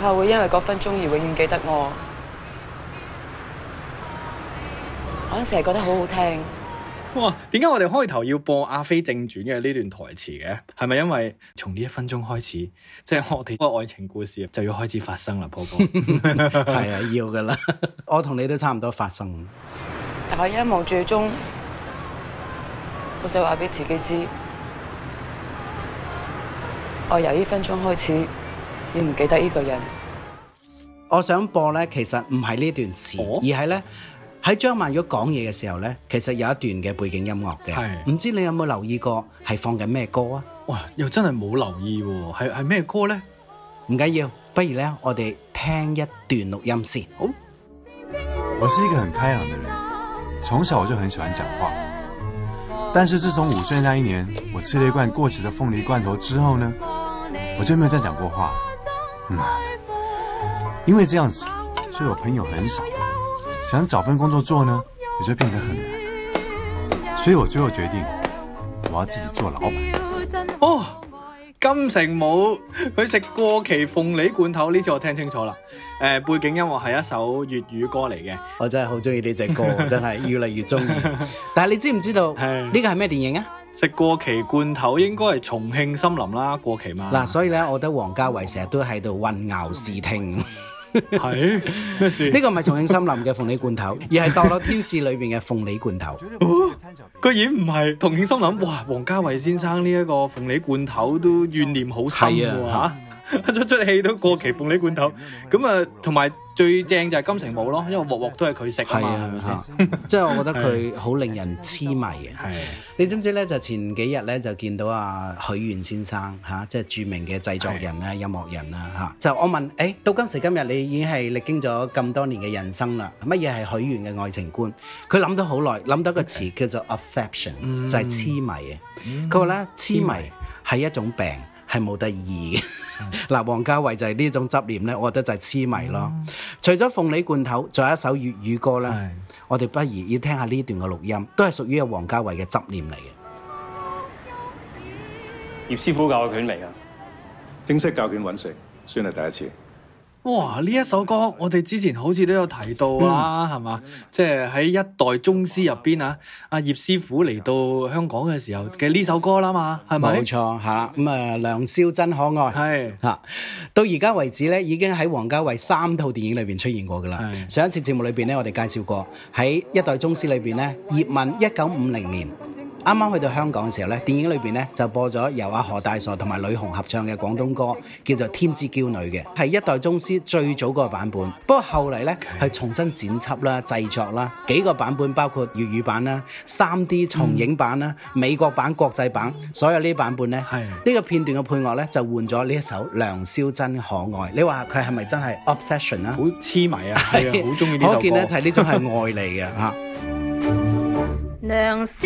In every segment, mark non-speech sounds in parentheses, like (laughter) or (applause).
怕會因為嗰分鐘而永遠記得我，我成日覺得好好聽。哇！點解我哋開頭要播《阿飛正傳》嘅呢段台詞嘅？係咪因為從呢一分鐘開始，即係我哋個愛情故事就要開始發生啦，婆婆？係啊，要噶啦！ (laughs) 我同你都差唔多發生。但我一望最終，我就話俾自己知，我由呢分鐘開始。你唔記得呢個人？我想播咧，其實唔係呢段詞，哦、而係咧喺張曼玉講嘢嘅時候咧，其實有一段嘅背景音樂嘅。係唔知你有冇留意過係放緊咩歌啊？哇！又真係冇留意喎、哦。係係咩歌咧？唔緊要，不如咧我哋聽一段錄音先。好。我是一個很開朗的人，從小我就很喜歡講話。但是自從五歲那一年，我吃了一罐過期的鳳梨罐頭之後呢，我就沒有再講過話。嗯、因為這樣子，所以我朋友很少，想找份工作做呢，也就變成很難。所以我最後決定，我要自己做老闆。哦，金城武佢食過期鳳梨罐頭，呢次我聽清楚啦。誒、呃，背景音樂係一首粵語歌嚟嘅，我真係好中意呢隻歌， (laughs) 真係越嚟越中意。 (laughs) 但係你知唔知道呢 Hey. 個係咩電影啊？食過期罐頭應該係重慶森林啦，過期嘛。嗱、啊，所以咧，我覺得王家衛成日都喺度混淆視聽。係咩 (laughs) 事？呢個唔係重慶森林嘅鳳梨罐頭， (laughs) 而係墮落天使裏邊嘅鳳梨罐頭。居然唔係重慶森林？哇，王家衛先生呢一個鳳梨罐頭都怨念好深嘅吓，一出出戲都過期鳳梨罐頭。咁啊，同埋。最正就係金城武咯，因為鑊鑊都係佢食啊嘛，即係我覺得佢好令人痴迷嘅。 (laughs) 啊、你知唔知咧？就前幾日咧就見到啊許願先生嚇，即、啊、係、就是、著名嘅製作人啦、音、啊、樂人啦嚇、啊。就我問誒、欸，到今時今日你已經係歷經咗咁多年嘅人生啦，乜嘢係許願嘅愛情觀？佢諗咗好耐，諗到一個詞 Okay. 叫做 obsession 就係痴迷嘅。佢話咧，痴迷係一種病。係冇得意嘅，嗱、 (laughs) 嗯，王家衛就係呢種執念咧，我覺得就係痴迷咯。嗯、除咗鳳梨罐頭，仲有一首粵語歌咧，嗯、我哋不如要聽下呢段嘅錄音，都係屬於阿王家衛嘅執念嚟嘅。葉師傅教嘅拳嚟啊，正式教拳揾食，算係第一次。哇！呢一首歌我哋之前好似都有提到啦、啊，係嘛、嗯？即係喺《一代宗師》入邊啊，阿葉師傅嚟到香港嘅時候嘅呢首歌啦嘛，係咪？冇錯，吓、啊！咁、嗯、啊，良宵真可愛，係吓是、啊、到而家為止咧，已經喺王家衛三套電影裏邊出現過噶啦。是上一次節目裏邊咧，我哋介紹過喺《一代宗師》裏邊咧，葉問一九五零年。啱啱去到香港嘅時候呢，電影裏邊呢，就播咗由阿何大傻同埋呂紅合唱嘅廣東歌，叫做《天之驕女》嘅，係一代宗師最早嗰個版本。不過後嚟呢，佢重新剪輯啦、製作啦幾個版本，包括粵語版啦、三 D 重影版啦、嗯、美國版、國際版，所有呢啲版本咧，呢的個片段嘅配樂呢，就換咗呢一首《良宵真可愛》。你話佢係咪真係 obsession 啊？好痴迷啊！係啊，好中意呢首歌。 (laughs) 我可見呢就係呢種係愛嚟嘅嚇。 (laughs) 娘宵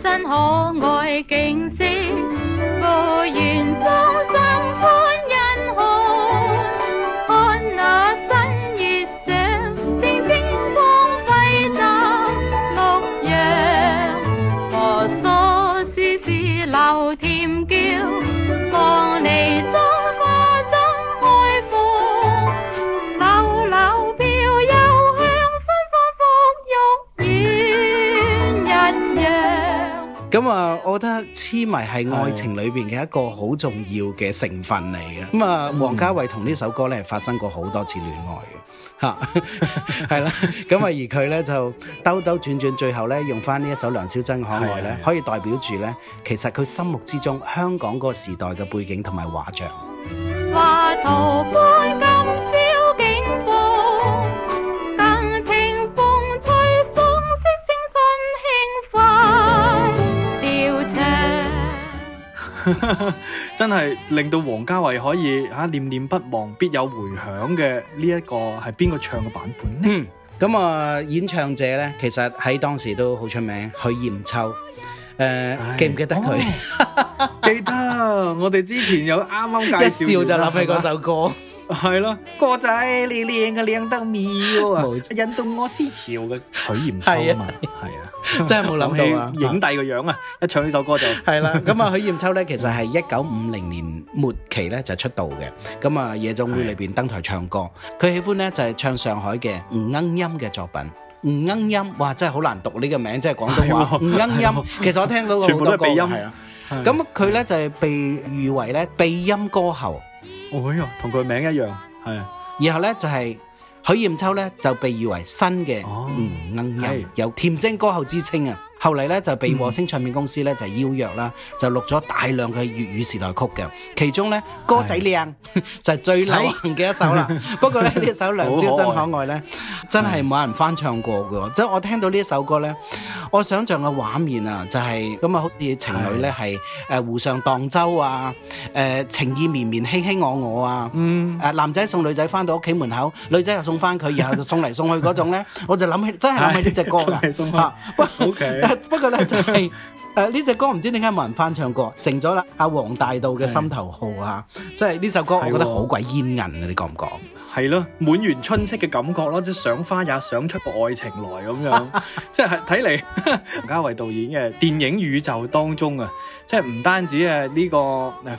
真可愛，景色，無緣衷心歡欣好。咁啊，嗯嗯、我覺得痴迷係愛情裏邊嘅一個好重要嘅成分嚟嘅。咁啊、嗯，王家衛同呢首歌咧發生過好多次戀愛嘅，嚇係啦。咁啊，而佢咧就兜兜轉轉，最後咧用返呢一首《良宵真可愛》咧的，可以代表住咧其實佢心目之中香港嗰個時代嘅背景同埋畫像。 (music) (music) 真係令到王家衛可以吓念念不忘，必有回響嘅呢一個係邊個唱嘅版本呢？咁啊，演唱者咧，其實喺當時都好出名，許艷秋。誒，記唔記得佢？記得，我哋之前有啱啱介紹。一笑就諗起嗰首歌，係咯，哥仔你靚啊靚得妙啊，引動我思潮嘅許艷秋啊嘛，係啊。真係冇諗到啊，影帝個樣啊！一唱呢首歌就係啦。咁啊，許艷秋咧，其實係一九五零年末期咧就出道嘅。咁啊，夜總會裏邊登台唱歌。佢喜歡咧就係唱上海嘅吳鶯音嘅作品。吳鶯音哇，真係好難讀呢個名，即係廣東話。吳鶯音，其實我聽到全部都係鼻音。係啊。咁佢咧就係被譽為咧鼻音歌后。哎呀，同佢名一樣，係啊。然後咧就係。許艷秋呢就被譽為新嘅吳鶯音，有是甜聲歌后之稱啊！後嚟咧就被和聲唱片公司咧就邀約啦，就錄咗大量嘅粵語時代曲嘅，其中咧歌仔靚是 (laughs) 就最流行嘅一首啦。 (laughs) 不過咧呢 (laughs) 首《良宵真可愛》咧真係冇人翻唱過嘅，即係、嗯、我聽到呢一首歌咧，我想象嘅畫面啊就係、是、咁、呃、啊，好、呃、似情侶咧係誒湖上蕩舟啊，誒情意綿綿卿卿我我啊，嗯誒、啊、男仔送女仔翻到屋企門口，女仔又送翻佢，然後，然後就送嚟送去嗰種咧， (laughs) 我就諗起真係諗起呢隻歌啦嚇。 (laughs) (laughs) o、okay. K 不過咧就係誒呢隻歌唔知點解冇人翻唱過，成咗啦阿王大導嘅心頭好啊，即係呢首歌我覺得好鬼煙韌啊，你講唔講？係咯，滿園春色嘅感覺咯，即係賞花也賞出個愛情來咁樣，即係睇嚟，王家衛導演嘅電影宇宙當中啊，即係唔單止誒呢個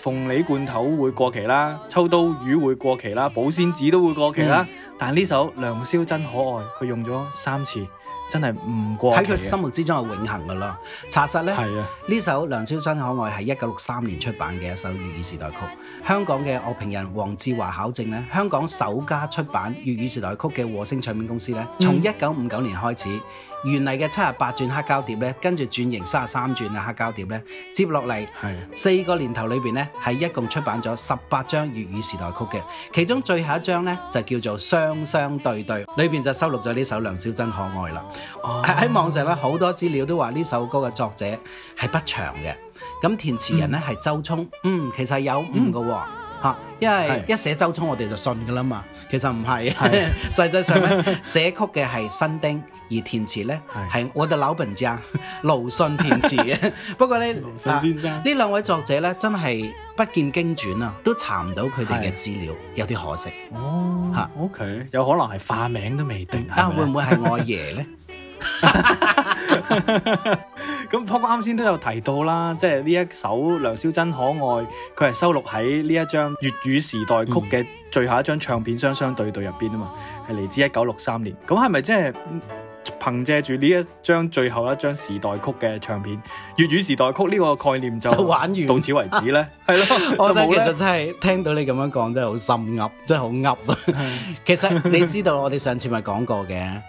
鳳梨罐頭會過期啦，秋刀魚會過期啦，保鮮紙都會過期啦，但呢首《良宵真可愛》，佢用咗三次。真係唔過喺佢心目之中係永恆噶咯。查實咧，呢的首《良宵真可愛》係一九六三年出版嘅一首粵語時代曲。香港嘅樂評人黃志華考證呢，香港首家出版粵語時代曲嘅和聲唱片公司呢，從一九五九年開始。嗯原嚟嘅七十八轉黑膠碟咧，跟住轉型三十三轉嘅黑膠碟咧，接落嚟的四個年頭裏邊咧，係一共出版咗十八張粵語時代曲嘅，其中最後一張咧就叫做《雙雙對對》，裏邊就收錄咗呢首《梁小珍可愛》啦。喺、哦、網上咧好多資料都話呢首歌嘅作者係不詳嘅，咁填詞人咧係周聰。嗯，嗯，其實有誤嘅，嚇，因為一寫周聰我哋就信噶啦嘛。其實唔係，實際的 (laughs) 上咧寫曲嘅係新丁。而填詞咧係我哋老朋友盧迅填詞嘅， (laughs) 不過咧盧迅先生呢、啊、兩位作者咧真係不見經傳啊，都查唔到佢哋嘅資料，是有啲可惜。哦，吓 o k 有可能係化名都未定啊？吧會唔會係我阿爺咧？咁方哥啱先都有提到啦，即係呢一首《良宵真可愛》，佢係收錄喺呢一張《粵語時代曲》嘅最後一張唱片《雙雙對對》入邊啊嘛，係嚟自一九六三年。咁係咪即係？嗯 (laughs) 憑借住呢一張最後一張時代曲嘅唱片，粵語時代曲呢個概念就，就玩完，到此為止咧。係咯，我覺得其實真係 (laughs) 聽到你咁樣講，真係好心噏，真係好噏。 (laughs) (laughs) 其實你知道我哋上次咪講過嘅，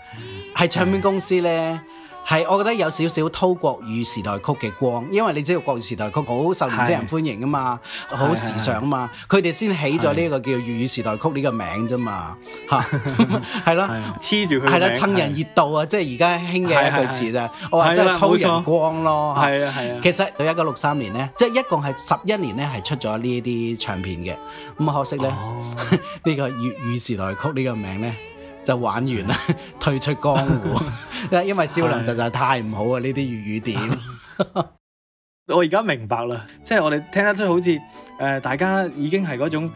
係 (laughs) 唱片公司咧。係，我覺得有少少偷國語時代曲嘅光，因為你知道國語時代曲好受唔少人歡迎啊嘛，好時尚啊嘛，佢哋先起咗呢個叫粵語時代曲呢個名啫嘛，嚇，係咯，黐住佢，係咯，趁人熱度啊，即係而家興嘅一句詞啊，我話即係偷人光咯，係啊係啊，其實到一九六三年咧，即係一共係十一年咧係出咗呢啲唱片嘅，咁可惜咧，呢個粵語時代曲呢個名咧。就玩完啦，退出江湖，因 (laughs) 因為銷量實在太唔好啊！呢啲粵語碟， (laughs) 我而家明白啦，即係我哋聽得出好似誒、呃，大家已經係嗰種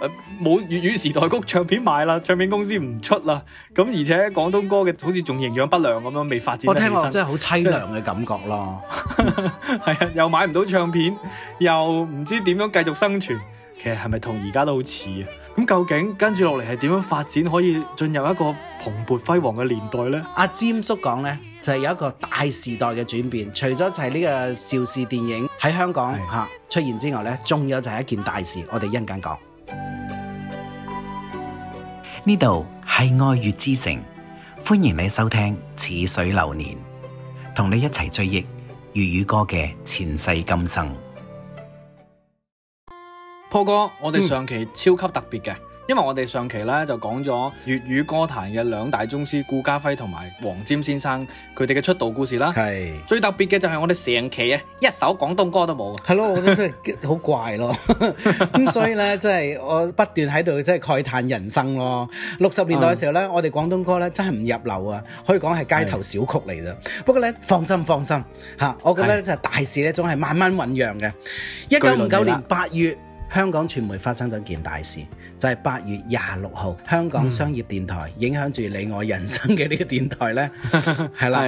誒冇粵語時代曲唱片買啦，唱片公司唔出啦，咁而且廣東歌嘅好似仲營養不良咁樣，未發展。我聽落真係好淒涼嘅感覺咯，係啊以， (laughs) 又買唔到唱片，又唔知點樣繼續生存。其實係咪同而家都好似啊？咁究竟跟住落嚟係點樣發展，可以進入一個蓬勃輝煌嘅年代呢？阿占、啊、叔講呢就係、是、有一個大時代嘅轉變，除咗係呢個邵氏電影喺香港是出現之外呢重有就係一件大事。我哋一陣間講。呢度係愛粵之城，歡迎你收聽《似水流年》，同你一齊追憶粵語歌嘅前世今生。Paul 哥，我哋上期超級特別嘅，因為我哋上期咧就講咗粵語歌壇嘅兩大宗師顧嘉煇同埋黃霑先生佢哋嘅出道故事啦。係最特別嘅就係我哋成期啊，一首廣東歌都冇。係咯，我覺得真係好怪咯。咁所以咧，真係我不斷喺度真係慨嘆人生咯。六十年代嘅時候咧，我哋廣東歌咧真係唔入流啊，可以講係街頭小曲嚟啫。不過咧，放心放心嚇，我覺得咧就係大事咧總係慢慢醖釀嘅。一九五九年八月。香港傳媒發生咗件大事，就係、是、八月廿六號，嗯、香港商業電台影響住你我人生嘅呢個電台呢，係啦，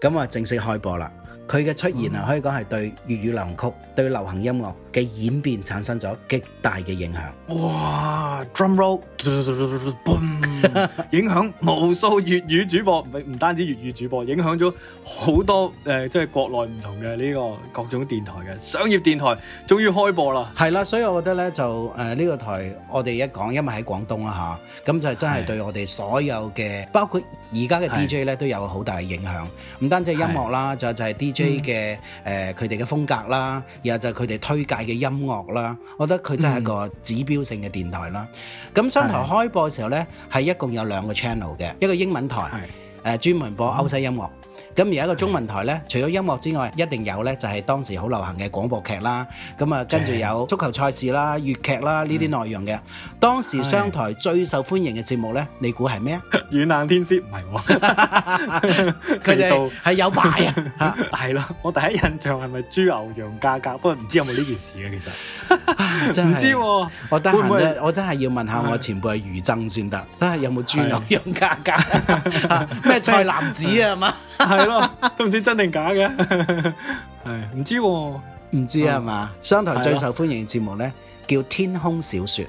咁就正式開播啦。佢嘅出現啊，可以講係對粵語流行曲、對流行音樂嘅演變產生咗極大嘅影響。哇！Drum roll！嘣！影響無數粵語主播，唔唔單止粵語主播，影響咗好多誒，即係國內唔同嘅呢個各種電台嘅商業電台，終於開播啦。係啦，所以我覺得咧就誒呢個台，我哋一講，因為喺廣東啦嚇，咁就係真係對我哋所有嘅，包括而家嘅 DJ 咧都有好大嘅影響。唔單止係音樂啦，就就係 DJ。J 嘅誒佢哋嘅風格啦，然後就係佢哋推介嘅音樂啦，我覺得佢真係一個指標性嘅電台啦。咁商台開播嘅時候呢，係、mm hmm. 一共有兩個 channel 嘅，mm hmm. 一個英文台，誒、mm hmm. 專門播歐西音樂。咁而家一個中文台咧，除咗音樂之外，一定有咧就係當時好流行嘅廣播劇啦。咁啊，跟住有足球賽事啦、粵劇啦呢啲內容嘅。當時商台最受歡迎嘅節目咧，你估係咩啊？軟硬天師唔係，佢哋係有牌啊，係咯。我第一印象係咪豬牛羊價格？不過唔知有冇呢件事嘅其實，唔知我得閒咧，我真係要問下我前輩余爭先得，真係有冇豬牛羊價格？咩菜籃子啊嘛？係咯，都唔知真定假嘅，係唔知，唔知係嘛？商台最受歡迎嘅節目咧，叫《天空小說》，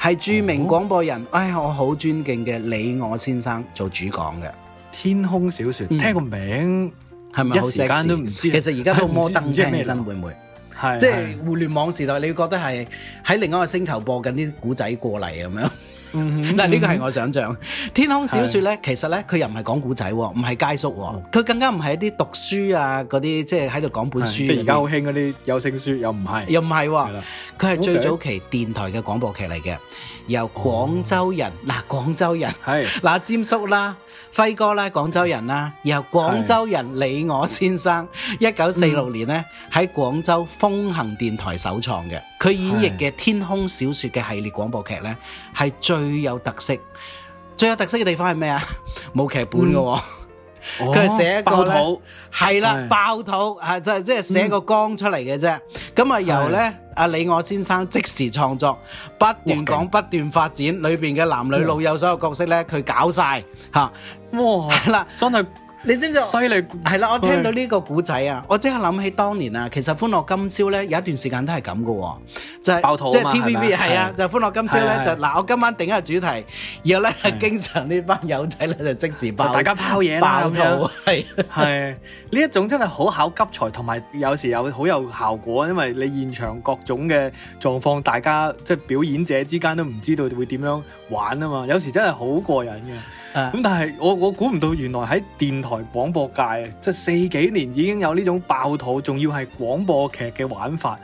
係著名廣播人，唉，我好尊敬嘅李我先生做主講嘅《天空小說》。聽個名係咪一時間都唔知？其實而家都摩登聽起身會唔會？係即係互聯網時代，你會覺得係喺另外一個星球播緊啲古仔過嚟咁樣？嗱，呢、嗯、個係我想象《 (laughs) 天空小説》咧，是的 其實咧佢又唔係講古仔，唔係街叔，哦，佢更加唔係一啲讀書啊嗰啲，即係喺度講本書的。些即係而家好興嗰啲有聲書，又唔係，又唔係喎，佢係的最早期電台嘅廣播劇嚟嘅，由廣州人嗱、哦啊、廣州人係嗱是的、啊、占叔啦。輝哥咧，廣州人啦，然後廣州人李我先生，一九四六年咧喺廣州風行電台首創嘅，佢演繹嘅《天空小說》嘅系列廣播劇咧，係最有特色，最有特色嘅地方係咩啊？冇 (laughs) 劇本噶。嗯佢係寫一個咧，係啦，爆肚，係即係即係寫個綱出嚟嘅啫。咁啊由咧，阿李我先生即時創作，不斷講，不斷發展，裏邊嘅男女老幼所有角色咧，佢搞晒吓，哇，係啦，真係。你知唔知？犀利係啦！我聽到呢個古仔啊，我即刻諗起當年啊，其實歡樂今宵咧有一段時間都係咁噶，就係爆肚。即係 TVB 係啊，就歡樂今宵咧就嗱，我今晚定一個主題，然後咧經常呢班友仔咧就即時爆，大家拋嘢爆肚，係呢一種真係好考急才，同埋有時有好有效果，因為你現場各種嘅狀況，大家即係表演者之間都唔知道會點樣玩啊嘛！有時真係好過癮嘅，咁，但係我我估唔到原來喺電台。廣播界啊，即係四幾年已經有呢種爆肚，仲要係廣播劇嘅玩法。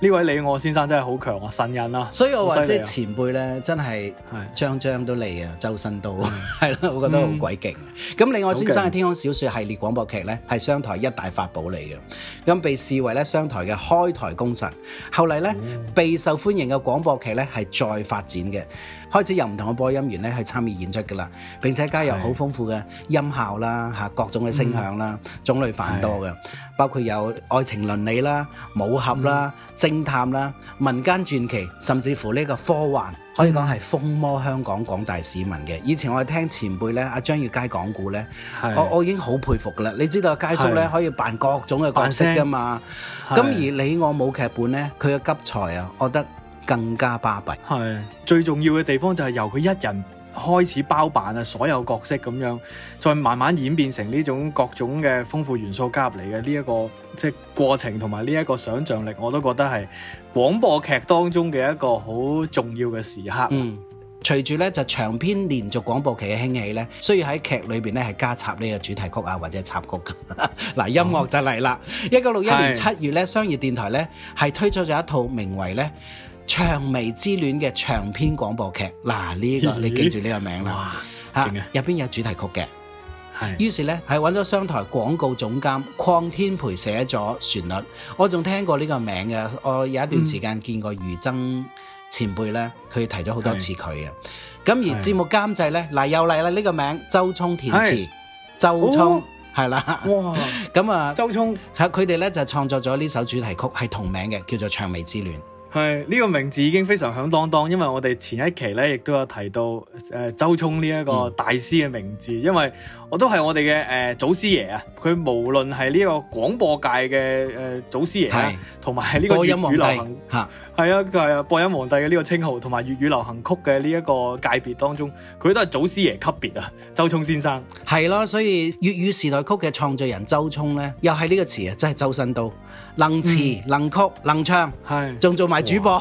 呢位李我先生真係好強啊，神人啦！所以我話即係前輩咧，真係張張都嚟啊，將將是周身都係啦， (laughs) (laughs) 我覺得好鬼勁。咁李我先生嘅《天空小説》系列廣播劇咧，係商台一大法寶嚟嘅，咁被視為咧商台嘅開台功臣。後嚟咧，備、嗯、受歡迎嘅廣播劇咧係再發展嘅，開始由唔同嘅播音員咧去參與演出㗎啦，並且加入好豐富嘅音效啦，嚇是各種嘅聲響啦，嗯、種類繁多嘅，是包括有愛情倫理啦、武俠啦。偵探啦，民間傳奇，甚至乎呢個科幻，嗯、可以講係瘋魔香港廣大市民嘅。以前我聽前輩咧，阿張月佳講古咧，是我我已經好佩服啦。你知道佳叔咧可以扮各種嘅角色噶嘛？咁而你我冇劇本咧，佢嘅急才、啊，我覺得更加巴閉。係最重要嘅地方就係由佢一人。開始包辦啊，所有角色咁樣，再慢慢演變成呢種各種嘅豐富元素加入嚟嘅呢一個即係過程，同埋呢一個想像力，我都覺得係廣播劇當中嘅一個好重要嘅時刻。嗯，隨住呢就長篇連續廣播劇嘅興起呢，需要喺劇裏邊呢係加插呢個主題曲啊，或者插曲嘅，嗱 (laughs) 音樂就嚟啦。一九六一年七月呢，是商業電台呢係推出咗一套名為呢。《薔薇之戀》嘅長篇廣播劇，嗱、啊、呢、這個你記住呢個名啦，吓，入邊有主題曲嘅。係的，於是呢，係揾咗商台廣告總監鄺天培寫咗旋律。我仲聽過呢個名嘅，我有一段時間見過余增前輩呢，佢提咗好多次佢嘅。咁的而節目監製呢，嗱、啊、又嚟啦呢個名，周聰填詞，的周聰係啦。哦、的哇！咁啊、 (laughs) 嗯，周聰係佢哋呢就創作咗呢首主題曲，係同名嘅，叫做長《薔薇之戀》。係呢、這個名字已經非常響噹噹，因為我哋前一期咧亦都有提到誒、呃、周聰呢一個大師嘅名字，嗯、因為都我都係我哋嘅誒祖師爺啊！佢無論係呢個廣播界嘅誒、呃、祖師爺同埋呢個粵語流行吓係啊，係啊，播音皇帝嘅呢是個稱號，同埋粵語流行曲嘅呢一個界別當中，佢都係祖師爺級別啊！周聰先生係啦，所以粵語時代曲嘅創作人周聰咧，又係呢個詞啊，真係周身刀。就是能詞、嗯、能曲能唱，係仲是做埋主播，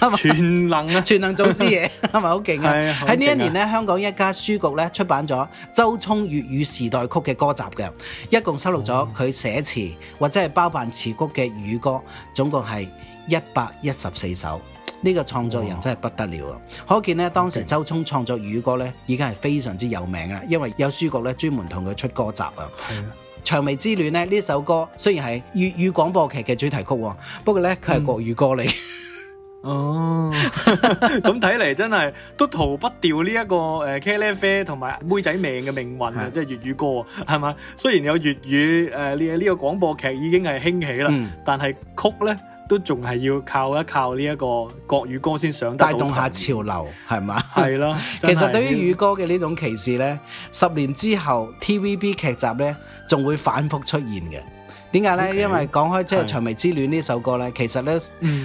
哇是是，全能啊， (laughs) 全能做啲嘢，係咪好勁啊？喺呢、啊、一年咧，香港一家書局咧出版咗周聰粵語時代曲嘅歌集嘅，一共收錄咗佢寫詞或者係包辦詞曲嘅粵語歌，總共係一百一十四首。呢、這個創作人真係不得了哇啊！可見咧當時周聰創作粵語歌咧已經係非常之有名啦，因為有書局咧專門同佢出歌集啊。嗯《薔薇之戀》咧呢首歌，雖然係粵語廣播劇嘅主題曲，不過咧佢係國語歌嚟。哦，咁睇嚟真係都逃不掉呢一個誒茄呢啡同埋妹仔命嘅命運啊！即係粵語歌係嘛？雖然有粵語誒呢個呢個廣播劇已經係興起啦，但係曲咧。都仲係要靠一靠呢一個國語歌先上得，帶動下潮流係嘛？係咯。 (laughs) 其實對於語歌嘅呢種歧視呢，嗯、十年之後 TVB 劇集呢仲會反覆出現嘅。點解呢？Okay. 因為講開即係《薔薇之戀》呢首歌呢，的其實呢，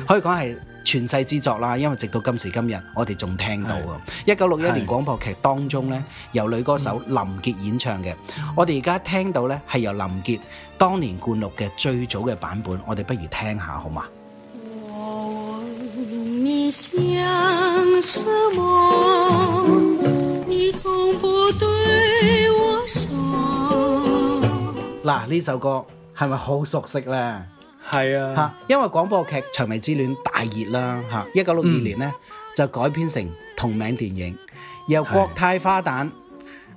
可以講係、嗯。傳世之作啦，因為直到今時今日，我哋仲聽到啊！一九六一年廣播劇當中呢，的由女歌手林潔演唱嘅，嗯、我哋而家聽到呢，係由林潔當年灌錄嘅最早嘅版本，我哋不如聽下好嘛？我問你想什麼？你從不對我說。嗱，呢首歌係咪好熟悉呢？係啊，吓，因為廣播劇《薔薇之戀》大熱啦，吓，一九六二年咧就改編成同名電影，由國泰花旦，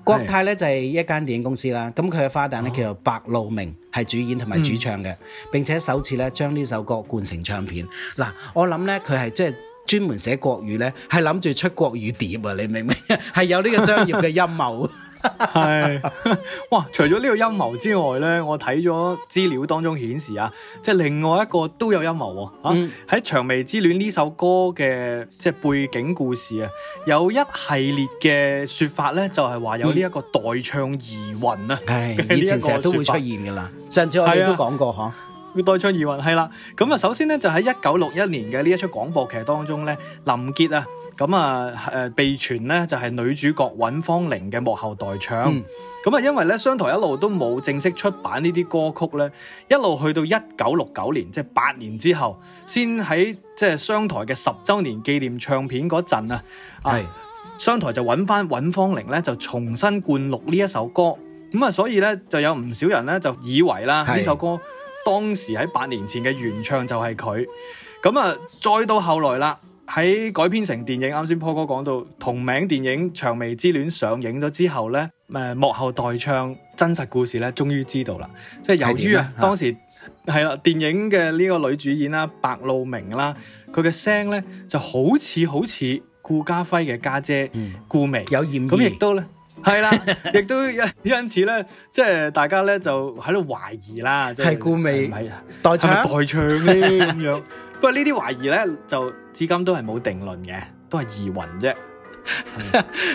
國是泰咧就係一間電影公司啦，咁佢嘅花旦咧、哦、叫做白露明係主演同埋主唱嘅，嗯、並且首次咧將呢首歌灌成唱片，嗱，我諗咧佢係即係專門寫國語咧，係諗住出國語碟啊，你明唔明？係 (laughs) 有呢個商業嘅陰謀。係，哇！ (laughs) 除咗呢個陰謀之外咧，我睇咗資料當中顯示啊，即係另外一個都有陰謀啊！喺、嗯《薔薇之戀》呢首歌嘅即係背景故事啊，有一系列嘅說法咧，就係話有呢一個代唱疑雲啊！係、嗯，個以前成日都會出現噶啦，上次我哋都講過吓。佢代唱疑雲係啦，咁啊首先咧就喺、是、一九六一年嘅呢一出廣播劇當中咧，林傑啊，咁啊誒、啊、被傳咧就係女主角尹芳玲嘅幕後代唱，咁啊、嗯、因為咧商台一路都冇正式出版呢啲歌曲咧，一路去到一九六九年，即係八年之後，先喺即係商台嘅十周年紀念唱片嗰陣、嗯、啊，商台就揾翻尹芳玲咧就重新灌錄呢一首歌，咁啊所以咧就有唔少人咧就以為啦呢首歌、嗯。嗯當時喺八年前嘅原唱就係佢，咁啊，再到後來啦，喺改編成電影，啱先 Po 哥講到同名電影《長眉之戀》上映咗之後呢，幕後代唱真實故事呢，終於知道啦，即係由於啊，當時係啦，電影嘅呢個女主演啦，白露明啦，佢嘅聲呢就好似好似顧家輝嘅家姐，姐、嗯、顧明美，有嫌咁亦都咧。係啦， (laughs) (laughs) 亦都因，因此呢，即係大家呢就喺度懷疑啦，係故尾，唔係、呃、代唱係咪代唱咁 (laughs) 樣。不過呢啲懷疑呢，就至今都係冇定論嘅，都係疑雲啫。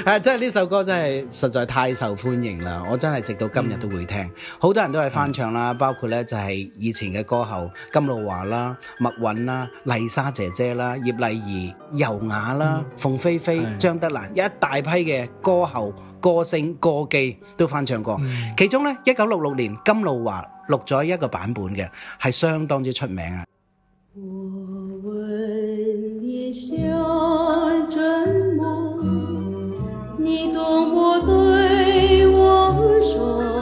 啊！真係呢首歌真係實在太受歡迎啦！我真係直到今日都會聽，好多人都係翻唱啦，包括呢就係以前嘅歌后金露華啦、麥韻啦、麗莎姐姐啦、葉麗儀、尤雅啦、鳳飛飛、張德蘭，一大批嘅歌后、歌星、歌姬都翻唱過。其中呢，一九六六年金露華錄咗一個版本嘅，係相當之出名啊！你總不對我說。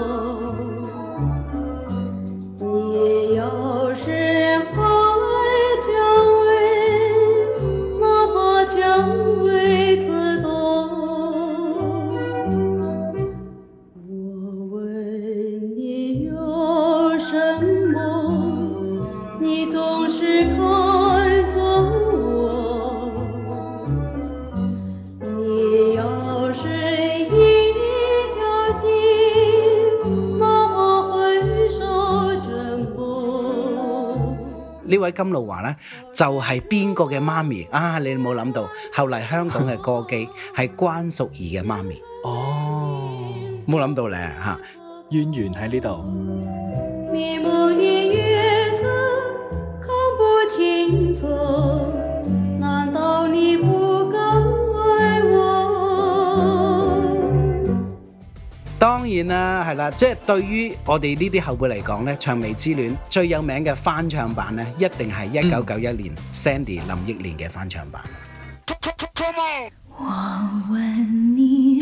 呢位金露華呢，就係邊個嘅媽咪啊！你冇諗到，後嚟香港嘅歌姬係關淑怡嘅媽咪。 (laughs) 哦，冇諗到咧嚇，淵源喺呢度。源源當然啦，係啦，即係對於我哋呢啲後輩嚟講呢，《薔薇之戀》最有名嘅翻唱版呢，一定係一九九一年 Sandy、嗯、林憶蓮嘅翻唱版。嗯，我問你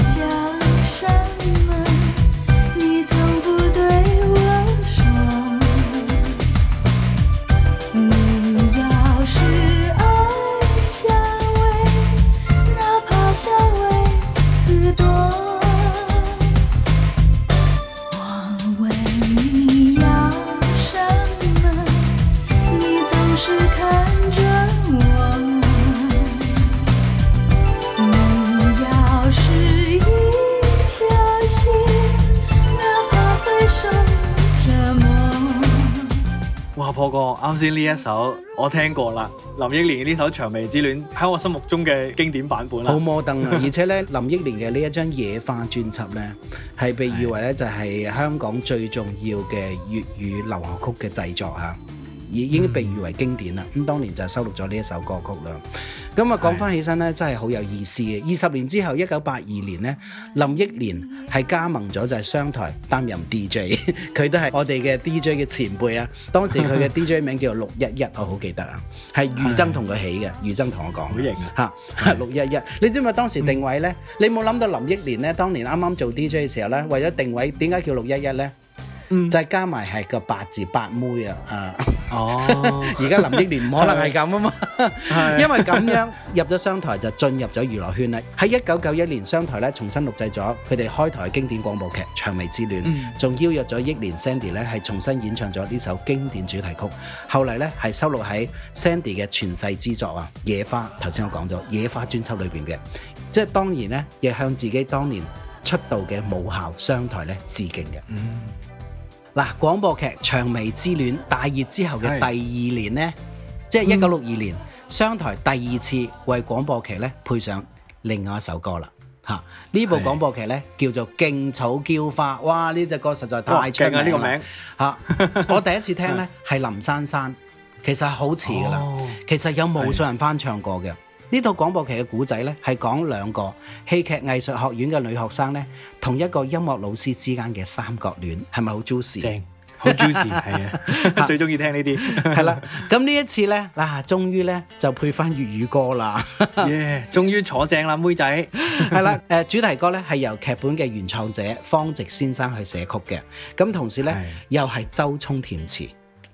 阿破哥，啱先呢一首我聽過啦，林憶蓮呢首長《薔薇之戀》喺我心目中嘅經典版本啦。好摩登啊！而且呢，林憶蓮嘅呢一張《野花》專輯呢，係被譽為呢就係香港最重要嘅粵語流行曲嘅製作啊。已已經被譽為經典啦，咁當年就係收錄咗呢一首歌曲啦。咁啊講翻起身咧，真係好有意思嘅。二十年之後，一九八二年咧，林憶蓮係加盟咗就係商台擔任 DJ，佢都係我哋嘅 DJ 嘅前輩啊。當時佢嘅 DJ 名叫六一一，我好記得啊，係俞琤同佢起嘅。俞琤同我講，好型嚇，六一一，你知唔知當時定位咧？你冇諗到林憶蓮咧，當年啱啱做 DJ 嘅時候咧，為咗定位，點解叫六一一咧？就係、嗯、加埋係個八字八妹啊！啊 (laughs) 哦，而家 (laughs) 林憶蓮唔可能係咁啊嘛， (laughs) 因為咁樣 (laughs) 入咗商台就進入咗娛樂圈咧。喺一九九一年，商台咧重新錄製咗佢哋開台嘅經典廣播劇《薔薇之戀》，仲、嗯、邀約咗憶蓮 Sandy 咧係重新演唱咗呢首經典主題曲。後嚟咧係收錄喺 Sandy 嘅傳世之作啊《野花》。頭先我講咗《野花》專輯裏邊嘅，即係當然咧亦向自己當年出道嘅母校商台咧致敬嘅。嗯嗱，廣播劇《薔薇之戀》大熱之後嘅第二年呢，即係一九六二年，嗯、商台第二次為廣播劇咧配上另外一首歌啦。吓、啊，呢部廣播劇呢叫做《勁草嬌花》，哇！呢隻歌實在太出名啦！呢、這個名吓，啊、 (laughs) 我第一次聽呢係林珊珊，其實好似噶啦，哦、其實有無數人翻唱過嘅。廣呢套廣播劇嘅古仔咧，係講兩個戲劇藝術學院嘅女學生咧，同一個音樂老師之間嘅三角戀，係咪好 juicy？好 juicy，係啊，最中意聽呢啲係啦。咁 (laughs) 呢一次咧，嗱、啊，終於咧就配翻粵語歌啦。耶 (laughs) ，yeah, 終於坐正啦，妹仔。係啦，誒，主題歌咧係由劇本嘅原創者方直先生去寫曲嘅，咁同時咧又係周聰填詞。的 (laughs)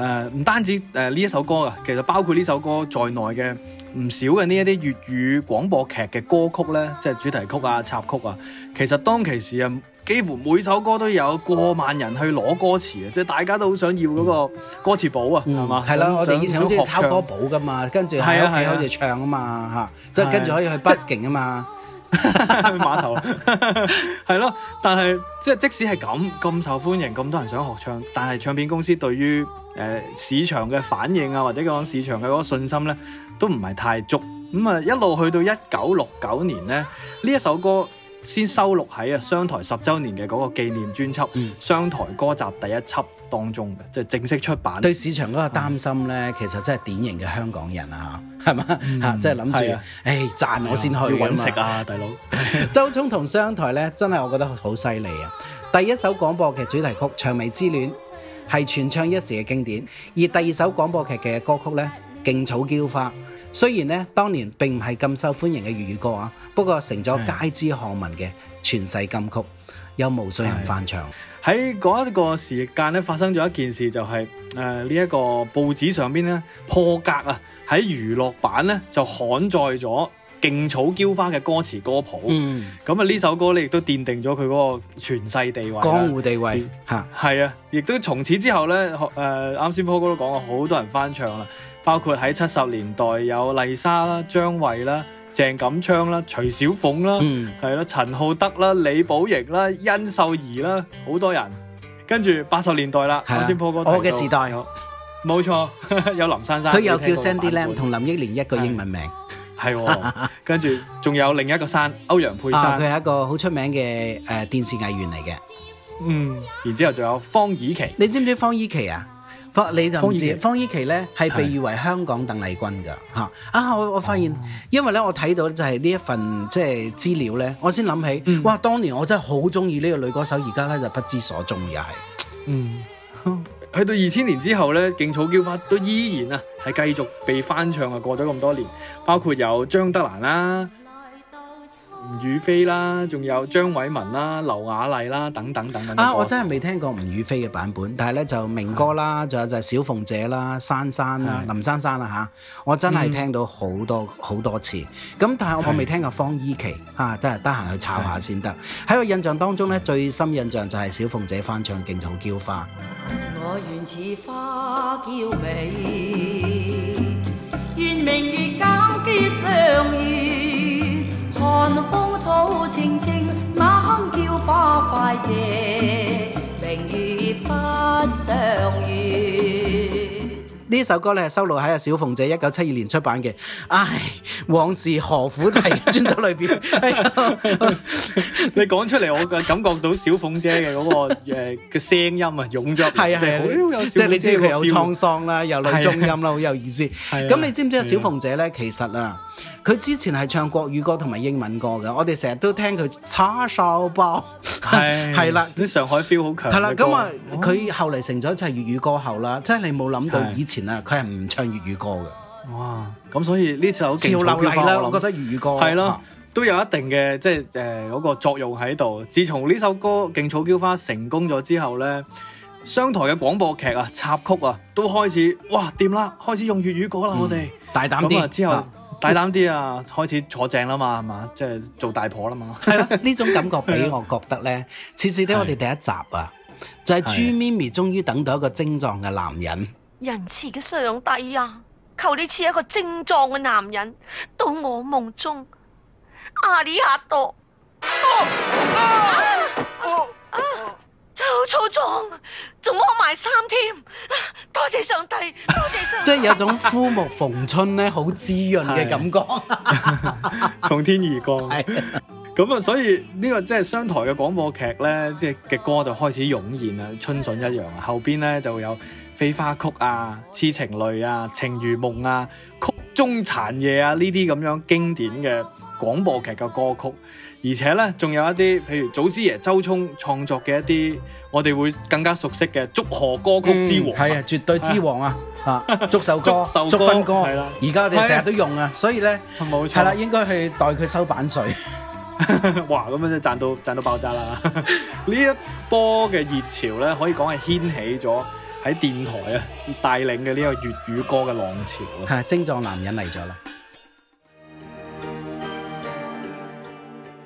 誒唔單止誒呢一首歌噶，其實包括呢首歌在內嘅唔少嘅呢一啲粵語廣播劇嘅歌曲咧，即係主題曲啊、插曲啊，其實當其時啊，幾乎每首歌都有過萬人去攞歌詞啊，即係大家都好想要嗰個歌詞簿啊，係嘛？係啦，我哋以前好似抄歌簿噶嘛，跟住喺屋企可以唱啊嘛，嚇，即係跟住可以去筆勁啊嘛。碼 (laughs) 碼頭係咯， (laughs) 但係即即使係咁咁受歡迎，咁多人想學唱，但係唱片公司對於誒、呃、市場嘅反應啊，或者講市場嘅個信心呢，都唔係太足。咁、嗯、啊，一路去到一九六九年呢，呢一首歌先收錄喺啊商台十周年嘅嗰個紀念專輯《嗯、商台歌集》第一輯。當中嘅即係正式出版。對市場嗰個擔心咧，嗯、其實真係典型嘅香港人啊，係嘛嚇，即係諗住，誒賺我先去揾食啊，大佬。 (laughs) (laughs) 周聰同商台咧，真係我覺得好犀利啊！第一首廣播劇主題曲《薔薇之戀》係全唱一時嘅經典，而第二首廣播劇嘅歌曲咧《勁草嬌花》，雖然咧當年並唔係咁受歡迎嘅粵語歌啊，不過成咗街知巷聞嘅傳世金曲。嗯有無數人翻唱。喺嗰一個時間咧，發生咗一件事，就係，就係誒呢一個報紙上邊咧破格啊，喺娛樂版咧就刊載咗《勁草嬌花》嘅歌詞歌譜。嗯，咁啊呢首歌咧亦都奠定咗佢嗰個傳世地位、江湖地位嚇。係而啊，亦都從此之後咧，誒啱先波哥都講過，好多人翻唱啦，包括喺七十年代有麗莎啦、張慧啦。鄭錦昌啦、徐小鳳啦、係啦、嗯、陳浩德啦、李寶瑩啦、殷秀儀啦，好多人。跟住八十年代啦，的頭先 Paul 哥提到，我嘅時代嗬，冇錯，有林珊珊，佢又叫 Sandy Lam 咧，同 Lam 林憶蓮一個英文名，係。跟住仲有另一個山，歐陽佩珊，佢係、哦、一個好出名嘅誒電視藝員嚟嘅。嗯，然之後仲有方以琪，你知唔知方以琪啊？方你就唔知，方伊琪咧係被譽為香港鄧麗君噶，嚇是啊！我，我發現，哦、因為咧我睇到就係呢一份即係、就是、資料咧，我先諗起、嗯、哇！當年我真係好中意呢個女歌手，而家咧就不知所蹤又係。嗯， (laughs) 去到二千年之後咧，勁草嬌花都依然啊，係繼續被翻唱啊！過咗咁多年，包括有張德蘭啦、啊。吳雨霏啦，仲有張偉文啦、劉雅麗啦，等等等等。啊，我真係未聽過吳雨霏嘅版本，但係咧就明哥啦，仲是有就係小鳳姐啦、珊珊啦、是林珊珊啦、啊、吓，我真係聽到好多好、嗯、多次。咁但係我未聽過方依琪吓是、啊，真係得閒去炒下先得。喺是我印象當中咧，是最深印象就係小鳳姐翻唱《勁草嬌花》。我願似花嬌美，願明月皎潔相依。寒風草青青，哪堪叫花快謝？明月不相願。呢首歌咧收錄喺小鳳姐一九七二年出版嘅。唉，往事何苦提？專輯裏邊，你講出嚟，我嘅感覺到小鳳姐嘅嗰個誒嘅聲音啊，湧咗，係係係，有小鳳姐有滄桑啦，有女中音啦，好有意思。咁你知唔知啊？小鳳姐咧，其實啊。佢之前係唱國語歌同埋英文歌嘅，我哋成日都聽佢叉燒包，係啦，啲上海 feel 好強。係啦，咁啊，佢後嚟成咗一隻粵語歌后啦，即係你冇諗到以前啊，佢係唔唱粵語歌嘅。哇！咁所以呢首《勁草嬌花》我覺得粵語歌係咯，都有一定嘅即係誒個作用喺度。自從呢首歌《勁草嬌花》成功咗之後咧，商台嘅廣播劇啊、插曲啊都開始哇掂啦，開始用粵語歌啦，我哋大膽啲啊之後。大膽啲啊！開始坐正啦嘛，係嘛，即係做大婆啦嘛。係 (laughs) 啦、啊，呢種感覺俾我覺得咧，次次咧我哋第一集啊，是就係豬咪咪終於等到一個精壯嘅男人。仁慈嘅上帝啊，求你賜一個精壯嘅男人到我夢中。阿里亞多。啊啊啊好粗壯，仲摸埋衫添，多謝上帝，多謝上帝。 (laughs) 即係有一種枯木逢春咧，好滋潤嘅感覺，從 (laughs) 是的 (laughs) 天而降。咁啊，所以呢、這個即係商台嘅廣播劇咧， (noise) 即係嘅歌就開始湧現春春啊，春筍一樣啊。後邊咧就有《飛花曲》啊，啊《痴情淚》啊，《情如夢》啊，《曲中殘夜》啊呢啲咁樣經典嘅廣播劇嘅歌曲。.而且咧，仲有一啲，譬如祖師爺周聰創作嘅一啲，我哋會更加熟悉嘅《祝賀歌曲之王》嗯，係啊，絕對之王啊！ (laughs) 啊，祝壽歌，祝 (laughs) 歌分歌，係啦、啊，而家我哋成日都用啊，啊所以咧，係啦、啊啊，應該去代佢收版稅。 (laughs) 哇！咁樣就係賺到賺到爆炸啦！呢 (laughs) 一波嘅熱潮咧，可以講係掀起咗喺電台啊帶領嘅呢個粵語歌嘅浪潮 (laughs) 啊！係，精壯男人嚟咗啦。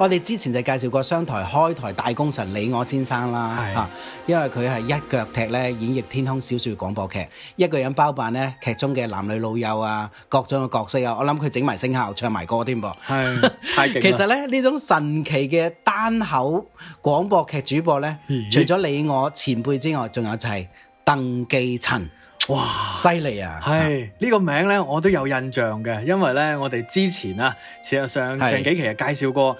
我哋之前就介紹過商台開台大功臣李我先生啦，嚇是，因為佢係一腳踢咧演繹《天空小説》廣播劇，一個人包辦咧劇中嘅男女老幼啊，各種嘅角色啊，我諗佢整埋聲效，唱埋歌添噃。係，太勁 (laughs) 其實咧呢種神奇嘅單口廣播劇主播咧，欸、除咗李我前輩之外，仲有就係鄧寄塵，哇，犀利啊！係呢是、哎、個名咧，我都有印象嘅，因為咧我哋之前啊，事實上上幾期又介紹過。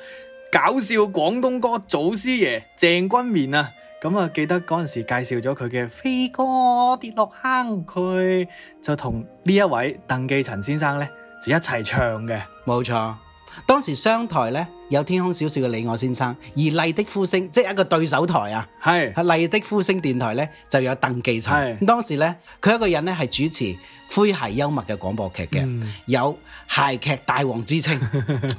搞笑廣東歌祖師爺鄭君綿啊。咁、嗯、啊，記得嗰陣時介紹咗佢嘅《飛哥跌落坑渠》，佢就同呢一位鄧寄塵先生呢就一齊唱嘅，冇錯。當時商台呢有天空小說嘅李我先生，而麗的呼聲即係一個對手台啊，係麗是的呼聲電台呢就有鄧寄塵。是當時呢，佢一個人呢係主持詼諧幽默嘅廣播劇嘅，嗯、有諧劇大王之稱，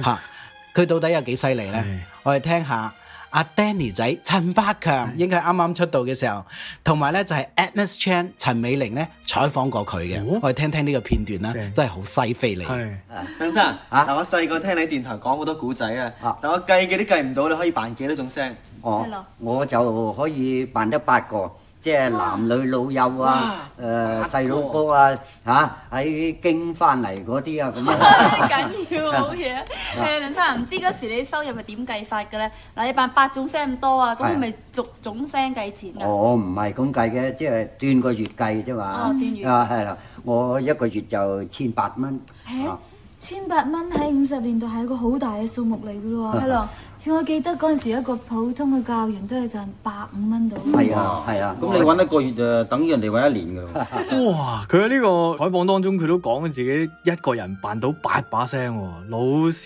吓。 (laughs) (laughs) 佢到底有幾犀利呢？是的 我哋聽一下阿 Danny 仔陳百強，是的 應該係啱啱出道嘅時候，同埋咧就係 Agnes Chan 陳美齡呢，採訪過佢嘅，哦、我哋聽聽呢個片段啦，真係好犀利。鄧生嚇，啊、我細個聽你電台講好多古仔啊，但我計幾都計唔到，你可以扮幾多種聲？我、哦、我就可以扮得八個。即係男女老幼啊，誒細佬哥啊，嚇喺京翻嚟嗰啲啊，咁樣緊要好嘢，係啊，梁生唔知嗰時你收入係點計法嘅咧？嗱，你辦八種聲咁多啊，咁係咪逐種聲計錢噶？我，唔係咁計嘅，即係斷個月計啫嘛、啊。哦，斷月啊，係啦，我一個月就千八蚊。啊。千八蚊喺五十年代係一個好大嘅數目嚟嘅咯喎，係咯。照我記得嗰陣時，一個普通嘅教員都係賺百五蚊到。係啊係啊，咁、 (laughs) 啊啊、你揾一個月就等於人哋揾一年嘅咯。 (laughs) 哇！佢喺呢個採訪當中，佢都講自己一個人扮到八把聲、啊，老少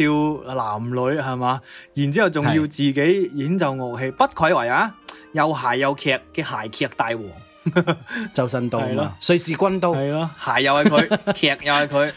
男女係嘛，然之後仲要自己演奏樂器，是不愧為啊又諧又劇嘅諧劇大王。 (laughs) 周身刀咯，瑞士軍刀係咯，諧又係佢，劇又係佢，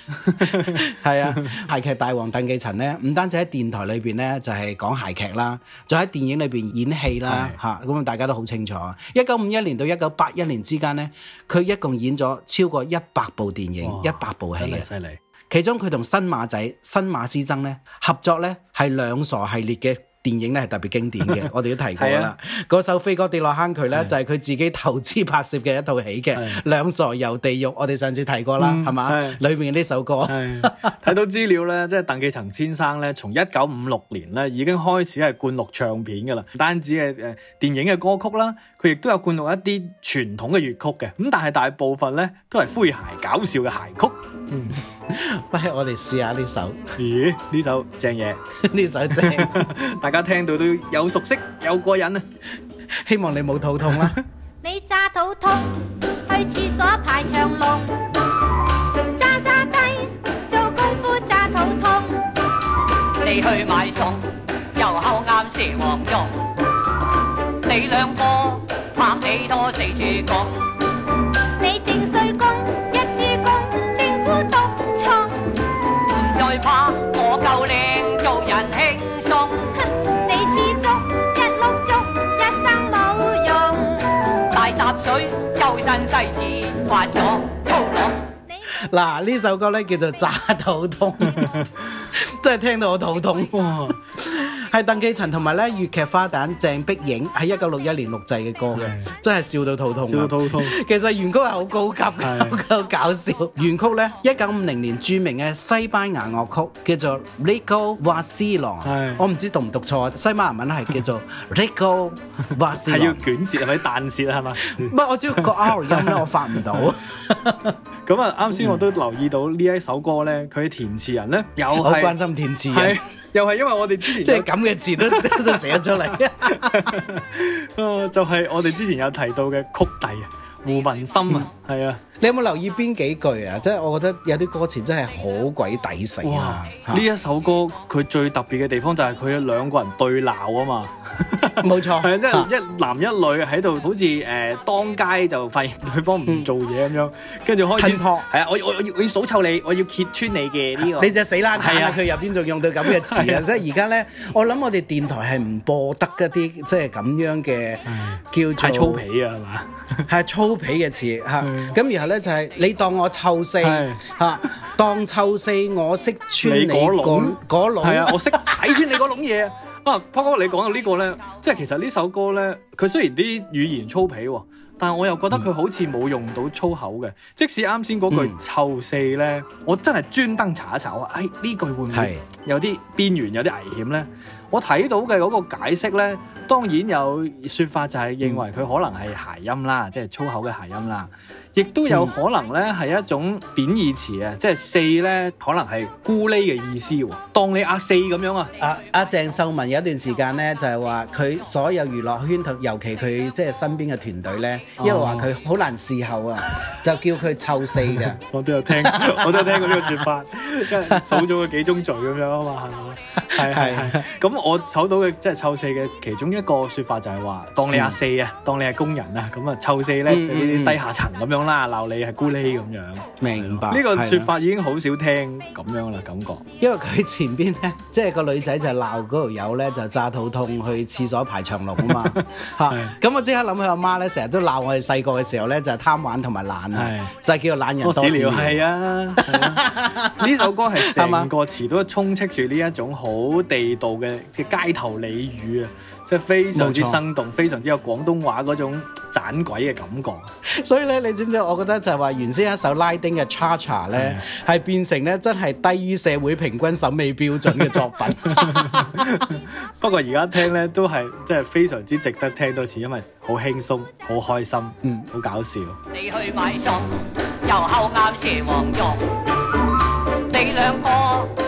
係啊，諧劇大王鄧寄塵咧，唔單止喺電台裏邊咧，就係、是、講諧劇啦，就喺電影裏邊演戲啦，吓咁啊，的大家都好清楚。一九五一年到一九八一年之間咧，佢一共演咗超過一百部電影，一百哇部戲，真係犀利。其中佢同新馬仔、新馬師曾咧合作咧，係兩傻系列嘅。電影咧係特別經典嘅， (laughs) 我哋都提過啦。嗰、 (laughs) 啊、首《飛哥跌落坑渠》咧就係、是、佢自己投資拍攝嘅一套喜劇嘅，《兩傻遊地獄》我哋上次提過啦，係嘛、嗯？裏邊呢首歌，睇、 (laughs) 啊、到資料咧，即、就、係、是、鄧寄塵先生咧，從一九五六年咧已經開始係灌錄唱片嘅啦，唔單止係誒電影嘅歌曲啦，佢亦都有灌錄一啲傳統嘅粵曲嘅，咁但係大部分咧都係詼諧搞笑嘅諧曲。嗯不如我哋試下呢首，咦？呢首正嘢，呢首正，大家聽到都有熟悉，有過癮啊！希望你冇肚痛啊。你詐肚痛，去廁所排長龍，詐詐低做功夫詐肚痛，你去買餸又口硬蛇王龍，你兩個貪幾多四處講。身咗，粗嗱呢首歌咧叫做詐肚痛， (laughs) (laughs) 真係聽到我肚痛。 (laughs) 係鄧寄塵同埋咧粵劇花旦鄭碧影喺一九六一年錄製嘅歌，真係笑到肚痛。笑到肚痛。其實原曲係好高級嘅，好搞笑。原曲咧，一九五零年著名嘅西班牙樂曲叫做《Rico Vascon》，我唔知讀唔讀錯。西班牙文係叫做《Rico Vascon》。係要捲舌係咪彈舌係嘛？唔係，我朝個 R 音咧，我發唔到。咁啊，啱先我都留意到呢一首歌咧，佢係填詞人咧有好關心填詞嘅。又係因為我哋之前即係咁嘅字都都寫得出嚟，就係、是、我哋之前有提到嘅曲底。胡文心啊，係啊！你有冇留意邊幾句啊？即係我覺得有啲歌詞真係好鬼抵死啊。呢一首歌佢最特別嘅地方就係佢兩個人對鬧啊嘛，冇錯，係啊！即係一男一女喺度，好似誒當街就發現對方唔做嘢咁樣，跟住開始係啊！我我我要數臭你，我要揭穿你嘅呢個，你隻死啦！係啊！佢入邊仲用到咁嘅詞啊！即係而家咧，我諗我哋電台係唔播得一啲即係咁樣嘅，叫做粗鄙啊係嘛，係粗。皮嘅詞嚇，咁然後咧就係你當我臭四嚇， (laughs) 當臭四我識穿你嗰籠，嗰籠係啊，我識睇穿你嗰籠嘢 (laughs) 啊！Paul 哥，你講到、這、呢個咧，即係其實呢首歌咧，佢雖然啲語言粗鄙喎。但係我又覺得佢好似冇用到粗口嘅，嗯、即使啱先嗰句臭四呢，嗯、我真係專登查一查話，哎呢句會唔會有啲邊緣、有啲危險呢？是 我睇到嘅嗰個解釋呢，當然有説法就係認為佢可能係諧音啦，嗯、即係粗口嘅諧音啦。亦都有可能咧，係一種貶義詞啊，嗯、即係四咧，可能係咕喱嘅意思喎。當你阿、啊、四咁樣啊，阿阿、啊啊、鄭秀文有一段時間咧，就係話佢所有娛樂圈同尤其佢即係身邊嘅團隊咧，哦、因為話佢好難侍候啊，就叫佢湊四嘅。 (laughs) 我都有聽，我都有聽過呢個説法， (laughs) (laughs) 數咗佢幾宗罪咁樣啊嘛，係係係係，咁我瞅到嘅即係臭四嘅其中一個說法就係話，當你阿四啊，當你係工人啊，咁啊臭四咧就呢啲低下層咁樣啦，鬧你係咕喱咁樣。明白。呢個說法已經好少聽咁樣啦，感覺。因為佢前邊咧，即係個女仔就鬧嗰條友咧，就詐肚痛去廁所排長龍啊嘛。係。咁我即刻諗起阿媽咧，成日都鬧我哋細個嘅時候咧，就係貪玩同埋懶啊，就係叫做懶人多屎尿。係啊。呢首歌係成個詞都充斥住呢一種好，好地道嘅即街頭俚語啊，即係非常之生動，沒錯 非常之有廣東話嗰種盞鬼嘅感覺。所以咧，你知唔知？我覺得就係話原先一首拉丁嘅《Cha Cha》咧，係、嗯、變成咧真係低於社會平均審美標準嘅作品。不過而家聽咧都係即係非常之值得聽多次，因為好輕鬆，好開心，嗯，好搞笑。你去買餸，由後眼蛇王蟲，你兩個。.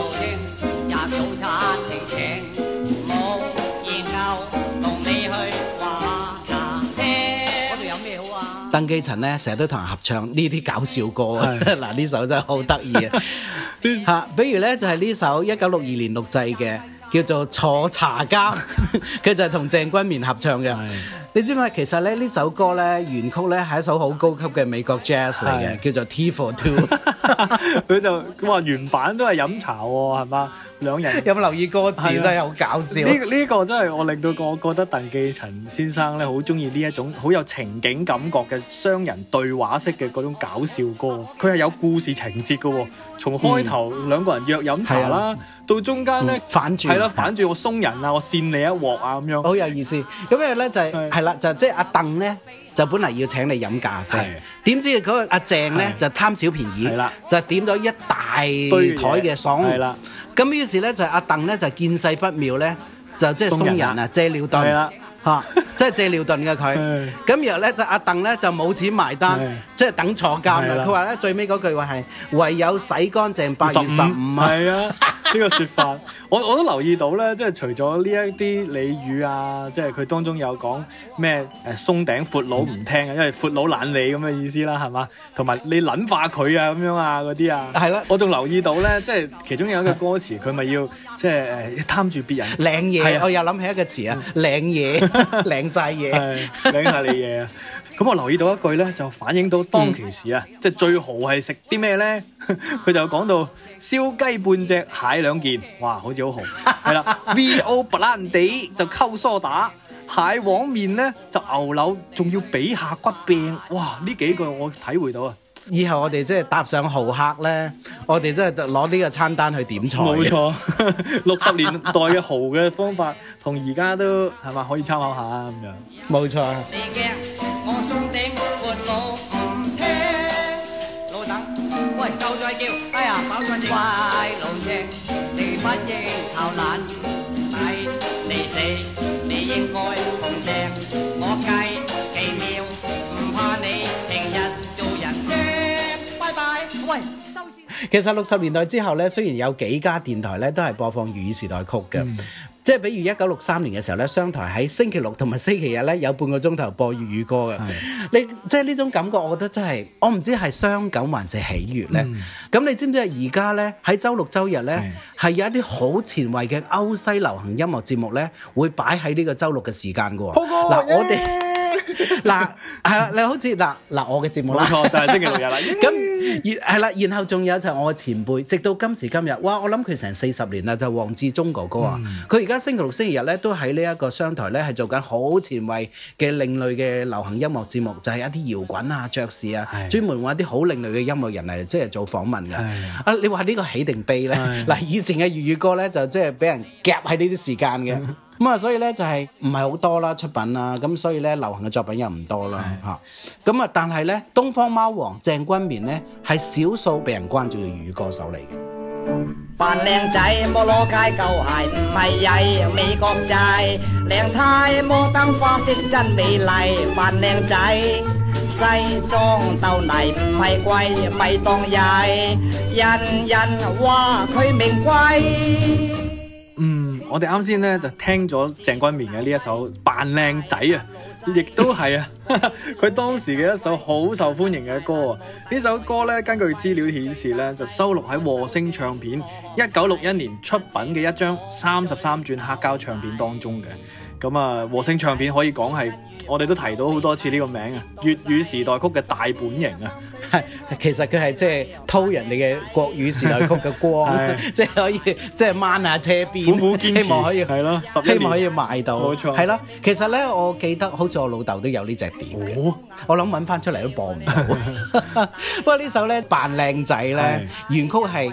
日早餐請我研究，同你去話茶廳。度有咩好啊？鄧寄塵咧成日都同人合唱呢啲搞笑歌，嗱呢 (laughs) (laughs) 首真係好得意啊！吓，比如咧就係、是、呢首一九六二年錄製嘅，叫做《坐茶監》，佢 (laughs) 就係同鄭君綿合唱嘅。 (laughs) 你知唔知其實咧呢首歌咧原曲咧係一首好高級嘅美國 jazz 嚟嘅，對叫做 Tea for Two。佢 (laughs) (laughs) 就話原版都係飲茶喎，哦，係嘛？ (laughs) 兩人有冇留意歌詞咧的？的好搞笑！呢呢、這個這個真係我,令到我，我覺得鄧寄塵先生咧好中意呢一種好有情景感覺嘅雙人對話式嘅嗰種搞笑歌。佢係有故事情節嘅喎，從開頭兩個人約飲茶啦 yeah.、啊。到中間咧反轉，係咯，反轉我鬆人啊，我扇你一鑊啊咁樣，好有意思。咁因為咧就係係啦，就即係阿鄧咧就本嚟要請你飲咖啡，點知嗰個阿鄭咧就貪小便宜，係啦，就點咗一大枱嘅餸，係啦。咁於是咧就阿鄧咧就見勢不妙咧，就即係鬆人啊，借尿遁。嚇，即係 (music) (laughs) 借尿遁嘅佢。咁然後咧就阿鄧咧就冇錢埋單， (laughs) 即係等坐監啦。佢話咧最尾嗰句話係唯有洗乾淨八月十五。唔係 (laughs) (laughs) 啊，呢、呢個說法，我我都留意到咧，即係除咗呢一啲俚語啊，即係佢當中有講咩誒鬆頂闊佬唔聽嘅，因為闊佬懶理咁嘅意思啦，係嘛？同埋你撚化佢啊咁樣啊嗰啲啊。係咯、啊， (laughs) (laughs) 我仲留意到咧，即係其中有一句歌詞，佢咪 (laughs) 要即係、就是、貪住別人靚嘢。我又諗起一個詞語語啊，靚嘢。 (music) (laughs) 領晒嘢東， (laughs) 領晒你嘢啊！咁 (laughs) 我留意到一句咧，就反映到當其時啊，嗯、即係最豪係食啲咩咧？佢 (laughs) 就講到燒雞半隻，蟹兩件，哇，好似好豪！係啦 (laughs) 了，V O 勃蘭地就溝梳打，蟹黃麵咧就牛柳，仲要比下骨病，哇！呢幾句我體會到啊。以後我哋即係搭上豪客咧，我哋即係攞呢個餐單去點菜。冇錯，六十年代嘅豪嘅方法同而家都係咪可以參考下啊咁樣。冇錯。其實六十年代之後咧，雖然有幾家電台咧，都係播放粵語時代曲嘅，嗯、即係比如一九六三年嘅時候咧，商台喺星期六同埋星期日咧有半個鐘頭播粵語歌嘅。的你即係呢種感覺，我覺得真係，我唔知係傷感還是喜悦呢。咁、嗯、你知唔知啊？而家咧喺周六周日咧係有一啲好前衛嘅歐西流行音樂節目咧會擺喺呢個周六嘅時間噶。嗱，我哋。嗱，係 (laughs) 啦，你好似嗱嗱我嘅節目啦，冇錯就係、是、星期六日啦。咁係啦，然後仲有就係我嘅前輩，直到今時今日，哇！我諗佢成四十年啦，就黃、是、志忠哥哥啊，佢而家星期六、星期日咧都喺呢一個商台咧係做緊好前衛嘅另類嘅流行音樂節目，就係、是、一啲搖滾啊、爵士啊，的專門揾啲好另類嘅音樂人嚟即係做訪問嘅。的的啊，你話呢個喜定悲咧？嗱的， (laughs) 以前嘅粵語歌咧就即係俾人夾喺呢啲時間嘅。 (laughs) 咁啊，所以咧就係唔係好多啦，出品啦，咁所以咧流行嘅作品又唔多啦嚇。咁是的 啊，但係咧，東方貓王鄭君綿呢，係少數被人關注嘅粵語歌手嚟嘅。扮靚仔，仔，摩羅街舊鞋唔係曳，美國製靚胎，摩登花式真美麗，扮靚仔，西裝斗泥唔係貴，咪當曳，人人話佢名貴我哋啱先呢就聽咗鄭君綿嘅呢一首《扮靚仔》啊，亦都係啊，佢 (laughs) 當時嘅一首好受歡迎嘅歌啊！呢 (laughs) 首歌呢，根據資料顯示呢，就收錄喺和聲唱片，一九六一年出品嘅一張三十三轉黑膠唱片當中嘅，咁啊和聲唱片可以講係我哋都提到好多次呢個名啊，粵語時代曲嘅大本營啊，係其實佢係即係偷人哋嘅國語時代曲嘅光，即係 (laughs) 的可以即係掹下車邊，苦苦堅持，希望可以係咯，希望可以賣到，冇錯錯，係咯。其實咧，我記得好似我老豆都有呢隻碟，哦、我諗搵翻出嚟都播唔到。 (laughs) (laughs) (laughs) 不過首呢首咧扮靚仔咧原曲係。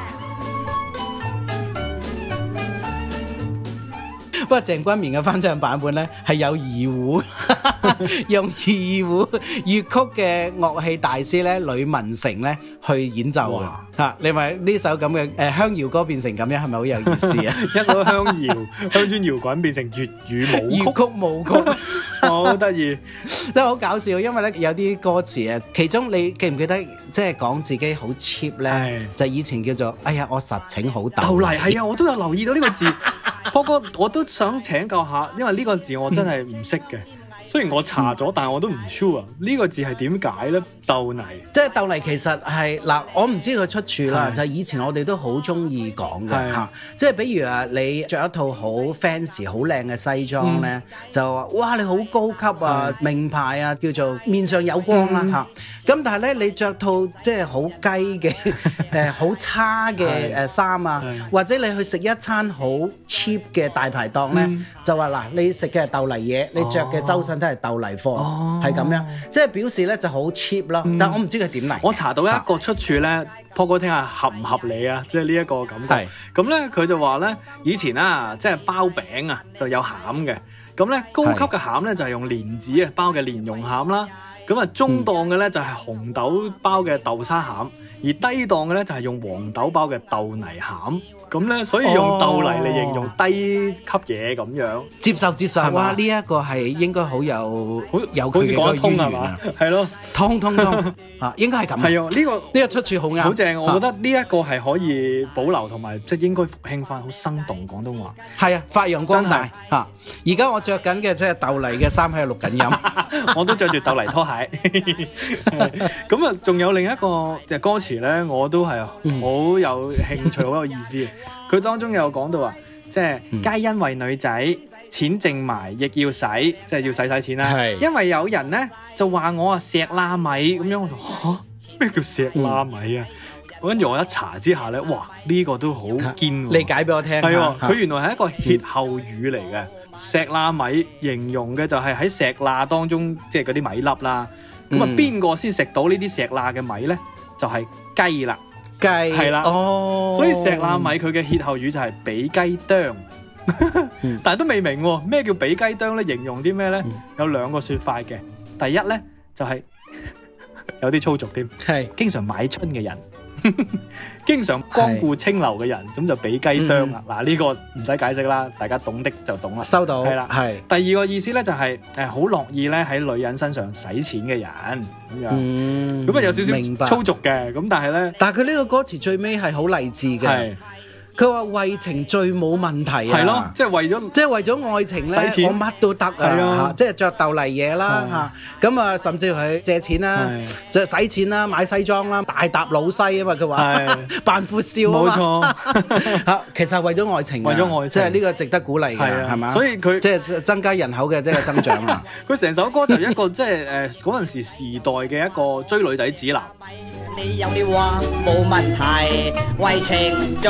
不過鄭君綿嘅翻唱版本咧係有二胡， (laughs) 用二胡粵曲嘅樂器大師咧呂文成咧去演奏啊！哇 (laughs) 你咪呢首咁嘅誒鄉謠歌變成咁樣，係咪好有意思啊？ (laughs) (laughs) 一首鄉謠鄉村搖滾變成粵語舞曲 (laughs) 曲舞曲，粵曲舞曲。好得意，真係好搞笑，因為咧有啲歌詞啊，其中你記唔記得即係講自己好 cheap 咧？是就以前叫做哎呀，我實情好大。又嚟，係啊，我都有留意到呢個字，不過 (laughs) 我都想請教下，因為呢個字我真係唔識嘅。嗯雖然我查咗，但係我都唔 sure 呢個字係點解呢？豆泥，即係豆泥其實係嗱，我唔知佢出處啦。就係以前我哋都好中意講嘅嚇，即係比如啊，你着一套好 fancy、好靚嘅西裝呢，就話哇你好高級啊，名牌啊，叫做面上有光啦嚇。咁但係呢，你着套即係好雞嘅誒，好差嘅誒衫啊，或者你去食一餐好 cheap 嘅大排檔呢，就話嗱，你食嘅係豆泥嘢，你着嘅周身。即係豆泥貨，係咁、哦、樣，即係表示咧就好 cheap 咯。嗯、但我唔知佢點嚟。我查到一個出處咧 Paul、啊、哥聽下合唔合理啊？即係呢一個感覺。咁咧佢就話咧，以前啊，即係包餅啊，就有餡嘅。咁咧高級嘅餡咧是就係用蓮子啊包嘅蓮蓉餡啦。咁啊中檔嘅咧就係、是、紅豆包嘅豆沙餡，嗯、而低檔嘅咧就係、是、用黃豆包嘅豆泥餡。咁咧，所以用豆泥嚟形容低級嘢咁樣，哦、接受接受係嘛？呢一個係應該好有好有，好似講得通係嘛？係咯、啊，是吧 (laughs) 通通通 (laughs) 啊，應該係咁。係啊，呢、啊，這個呢個出處好啱，好正。正啊、我覺得呢一個係可以保留同埋即係應該復興翻，好生動廣東話。係啊，發揚光大嚇。的而家我着緊嘅即係豆泥嘅衫喺度錄緊音， (laughs) 我都着住豆泥拖鞋。咁 (laughs) 啊，仲有另一個嘅歌詞咧，我都係好有興趣，嗯、好有意思。佢當中有講到啊，即係皆因為女仔錢剩埋，亦要使，即係要使使錢啦。係是因為有人咧就話我啊石拉米咁樣，我話吓咩叫石拉米啊？跟住、嗯、我一查之下咧，哇呢、呢個都好堅、啊。你解俾我聽，係佢呀、啊、原來係一個歇後語嚟嘅。石罅米形容嘅就係喺石罅當中，即係嗰啲米粒啦。咁啊、嗯，邊個先食到呢啲石罅嘅米咧？就係雞啦，雞係啦，了哦。所以石罅米佢嘅歇後語就係比雞啄， (laughs) 嗯、但係都未明咩叫比雞啄咧？形容啲咩咧？有兩個說法嘅。第一咧就係、是、 (laughs) 有啲粗俗添，係經常買春嘅人。 (laughs) 經常光顧青樓嘅人，咁是就俾雞啄啦。嗱、嗯，呢個唔使解釋啦，大家懂得就懂啦。收到。係啦了，係是。第二個意思咧就係、是、誒，好樂意咧喺女人身上使錢嘅人咁、嗯、樣，咁啊有少少粗俗嘅。咁但係咧，但係佢呢個歌詞最尾係好勵志嘅。佢話為情最冇問題啊！係咯，即係為咗即係為咗愛情咧，我乜都得啊！即係着逗嚟嘢啦嚇，咁啊甚至佢借錢啦，即係使錢啦，買西裝啦，大揼老西啊嘛！佢話扮闊少冇錯，嚇，其實為咗愛情，為咗愛情即係呢個值得鼓勵嘅，係嘛？所以佢即係增加人口嘅即係增長啊！佢成首歌就一個即係誒嗰陣時時代嘅一個追女仔指南。你有啲話冇問題，為情最。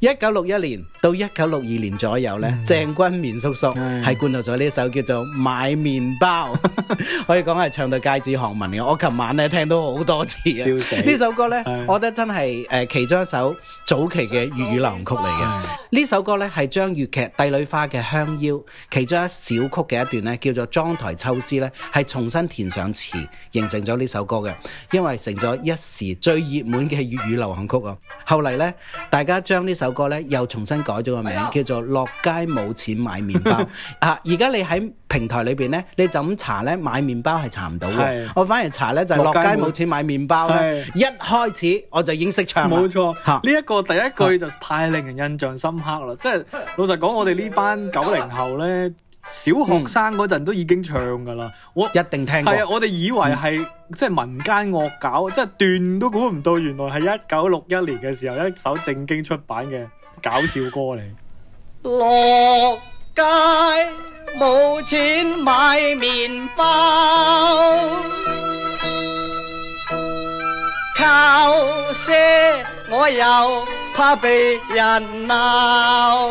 一九六一年到一九六二年左右咧，鄭、嗯、君綿叔叔係灌到咗呢首叫做《買麵包》， (laughs) 可以講係唱到街知巷聞嘅。我琴晚咧聽到好多次，呢死首歌咧，是我覺得真係誒、呃、其中一首早期嘅粵語流行曲嚟嘅。呢棒首歌咧係將粵劇《帝女花》嘅香腰其中一小曲嘅一段咧，叫做《妝台秋思》咧，係重新填上詞，形成咗呢首歌嘅。因為成咗一時最熱門嘅粵語流行曲啊。後嚟咧，大家將呢。首歌呢，又重新改咗個名，哎、呀叫做《落街冇錢買麵包》 (laughs) 啊！而家你喺平台裏邊呢，你就咁查呢，買麵包係查唔到嘅。的我反而查呢，就係《落街冇錢買麵包》咧，落的一開始我就已經識唱冇錯，呢一錯、啊、個第一句就太令人印象深刻啦！啊、即係老實講，我哋呢班九零後呢。小學生嗰陣都已經唱噶啦，我一定聽過。係啊，我哋以為係、嗯、即係民間惡搞，即係段都估唔到，原來係一九六一年嘅時候一首正經出版嘅搞笑歌嚟。落街冇錢買麵包，靠賒我又怕被人鬧。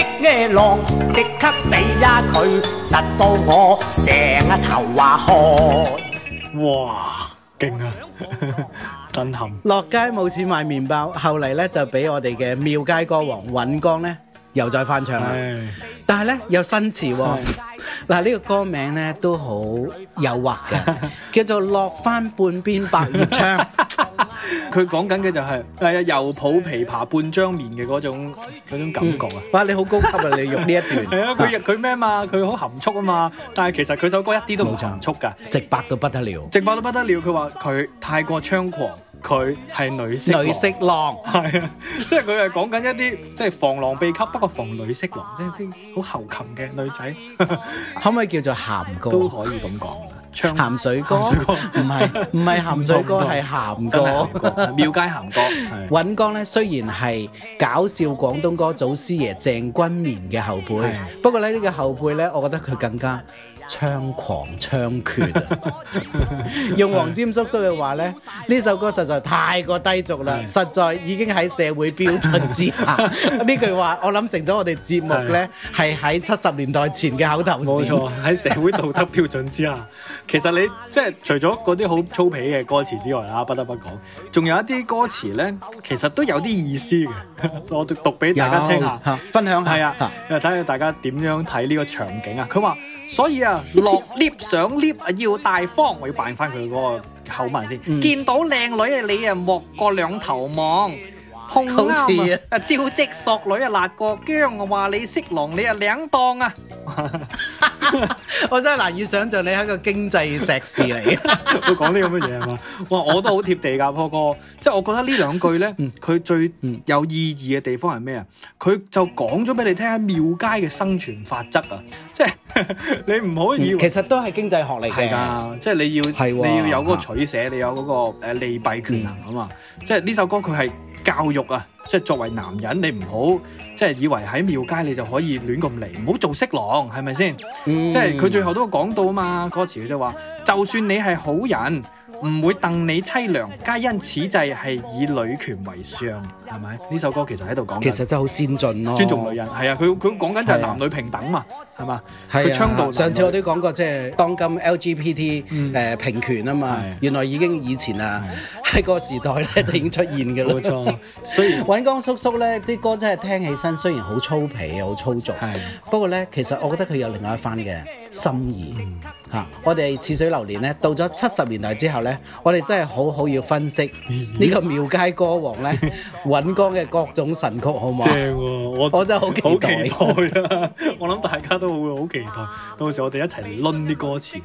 耶落即刻俾呀佢，窒到我成個頭話汗。哇，勁啊！震 (laughs) 撼痕。落街冇錢買麵包，後嚟咧就俾我哋嘅廟街歌王尹光咧又再翻唱啦。是但係咧有新詞、哦，嗱呢是 (laughs) 個歌名咧都好誘惑嘅， (laughs) 叫做落翻半邊百葉窗。 (laughs) (laughs) 佢講緊嘅就係，係啊，又抱琵琶半張面嘅嗰種嗰種感覺啊、嗯！哇，你好高級啊！ (laughs) 你用呢一段係 (laughs) 啊，佢佢咩嘛？佢好含蓄啊嘛！但係其實佢首歌一啲都冇含蓄噶，直白到不得了， (laughs) 直白到不得了。佢話佢太過猖狂，佢係女色女色狼，係 (laughs) 啊，即係佢係講緊一啲即係防狼秘笈，不過防女色狼，即係好喉擒嘅女仔， (laughs) 可唔可以叫做咸歌？ (laughs) 都可以咁講。唱鹹水歌唔係唔係鹹水歌，係鹹歌，廟街鹹歌。尹光咧，雖然係搞笑廣東歌祖師爺鄭君綿嘅後輩，不過呢呢個後輩呢，我覺得佢更加猖狂猖獗。用黃沾叔叔嘅話呢，呢首歌實在太過低俗啦，實在已經喺社會標準之下。呢句話我諗成咗我哋節目呢，係喺七十年代前嘅口頭禪。冇錯，喺社會道德標準之下。其實你即係除咗嗰啲好粗鄙嘅歌詞之外，不得不講，仲有一啲歌詞呢，其實都有啲意思嘅。 (laughs) 我讀讀俾大家聽下，分享下，啊，睇下哈大家點樣睇呢個場景啊。佢話：所以啊，落 lift (laughs) 上 lift 要大方。 (laughs) 我要扮翻佢嗰個口吻先。嗯、見到靚女你啊莫過兩頭望。控似，啊！招積、啊、索女啊！辣過姜啊！話你色狼，你啊兩當啊！ (laughs) 我真係難以想象你係一個經濟碩士嚟嘅，講呢咁嘅嘢係嘛？哇！我都好貼地㗎，波哥。即係我覺得呢兩句咧，佢 (laughs) 最有意義嘅地方係咩啊？佢就講咗俾你聽下，廟街嘅生存法則啊！即係你唔可以、嗯，其實都係經濟學嚟嘅。係㗎，即係你要的你要有嗰個取捨，的你有嗰個誒利弊權衡啊嘛。嗯、即係呢首歌佢係，教育啊，即係作為男人，你唔好即係以為喺廟街你就可以亂咁嚟，唔好做色狼，係咪先？嗯、即係佢最後都講到啊嘛，歌詞佢就話，嗯、就算你係好人，唔會戥你淒涼，皆因此際係以女權為上。係咪？呢首歌其實喺度講，其實真係好先進咯，尊重女人，係啊，佢佢講緊就係男女平等嘛，係嘛？佢倡導。上次我都講過，即係當今 LGBT 誒平權啊嘛，原來已經以前啊喺個時代咧就已經出現嘅啦。冇錯，所以尹江叔叔咧啲歌真係聽起身雖然好粗鄙好粗俗，係不過咧其實我覺得佢有另外一番嘅心意嚇。我哋似水流年咧，到咗七十年代之後咧，我哋真係好好要分析呢個廟街歌王咧錦江嘅各種神曲，好嘛？正喎，我我真係好好期待啦！我諗大家都會好期待，到時我哋一齊嚟掄啲歌詞。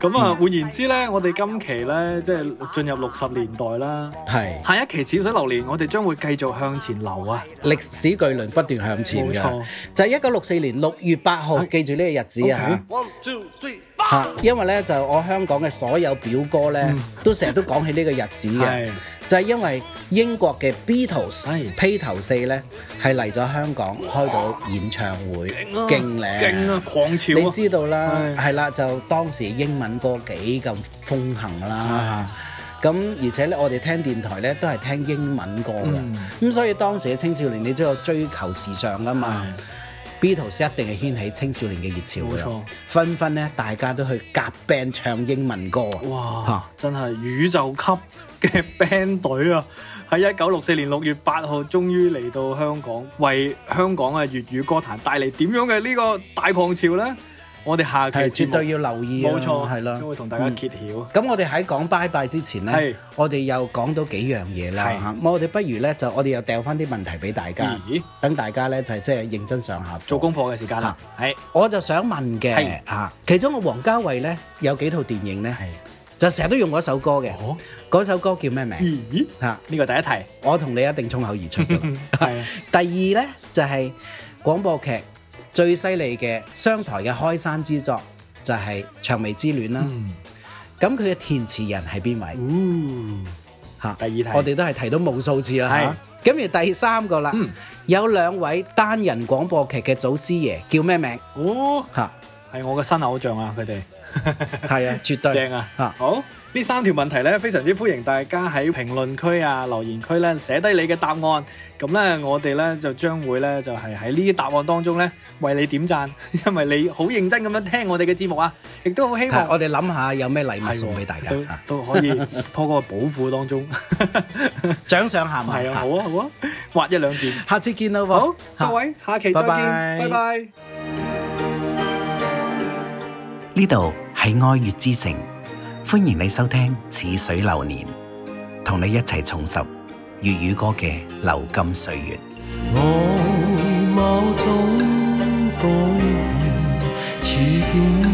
咁啊，換言之咧，我哋今期咧即係進入六十年代啦。係。下一期《似水流年》，我哋將會繼續向前流啊！歷史巨輪不斷向前嘅，冇錯，就係一九六四年六月八號，記住呢個日子啊！吓，因為咧就我香港嘅所有表哥咧，都成日都講起呢個日子嘅。就係因為英國嘅 Beatles 披頭四咧，係嚟咗香港開到演唱會，勁啊！勁啊！狂潮！你知道啦，係啦，就當時英文歌幾咁風行啦。咁而且咧，我哋聽電台咧都係聽英文歌嘅。咁所以當時嘅青少年你知道追求時尚㗎嘛？Beatles 一定係掀起青少年嘅熱潮嘅，冇錯。紛紛咧，大家都去夾 band 唱英文歌啊！哇！嚇，真係宇宙級！嘅 band 隊啊，喺一九六四年六月八號終於嚟到香港，為香港嘅粵語歌壇帶嚟點樣嘅呢個大狂潮咧？我哋下期絕對要留意，冇錯，係咯，都會同大家揭曉。咁我哋喺講 bye bye 之前咧，我哋又講到幾樣嘢啦，吓，我哋不如咧就我哋又掉翻啲問題俾大家，等大家咧就即係認真上下做功課嘅時間啦。係，我就想問嘅，吓，其中嘅王家衛咧有幾套電影咧？就成日都用嗰首歌嘅，嗰首歌叫咩名？嚇，呢個第一題，我同你一定衝口而出。係啊，第二呢，就係廣播劇最犀利嘅商台嘅開山之作，就係《薔薇之戀》啦。咁佢嘅填詞人係邊位？嚇，第二題，我哋都係提到無數次啦。係，咁而第三個啦，有兩位單人廣播劇嘅祖師爺叫咩名？嚇。係我嘅新偶像啊！佢哋係啊，絕對正啊！好，呢三條問題咧，非常之歡迎大家喺評論區啊、留言區咧寫低你嘅答案。咁咧，我哋咧就將會咧就係喺呢啲答案當中咧為你點讚，因為你好認真咁樣聽我哋嘅節目啊，亦都好希望我哋諗下有咩禮物送俾大家啊，都可以破嗰個寶庫當中獎賞下嘛，係啊，好啊，好啊，畫一兩件，下次見啦，好，各位下期再見，拜拜。呢度係愛粵之城，歡迎你收聽《似水流年》，同你一齊重拾粵語歌嘅流金歲月。我改 (music)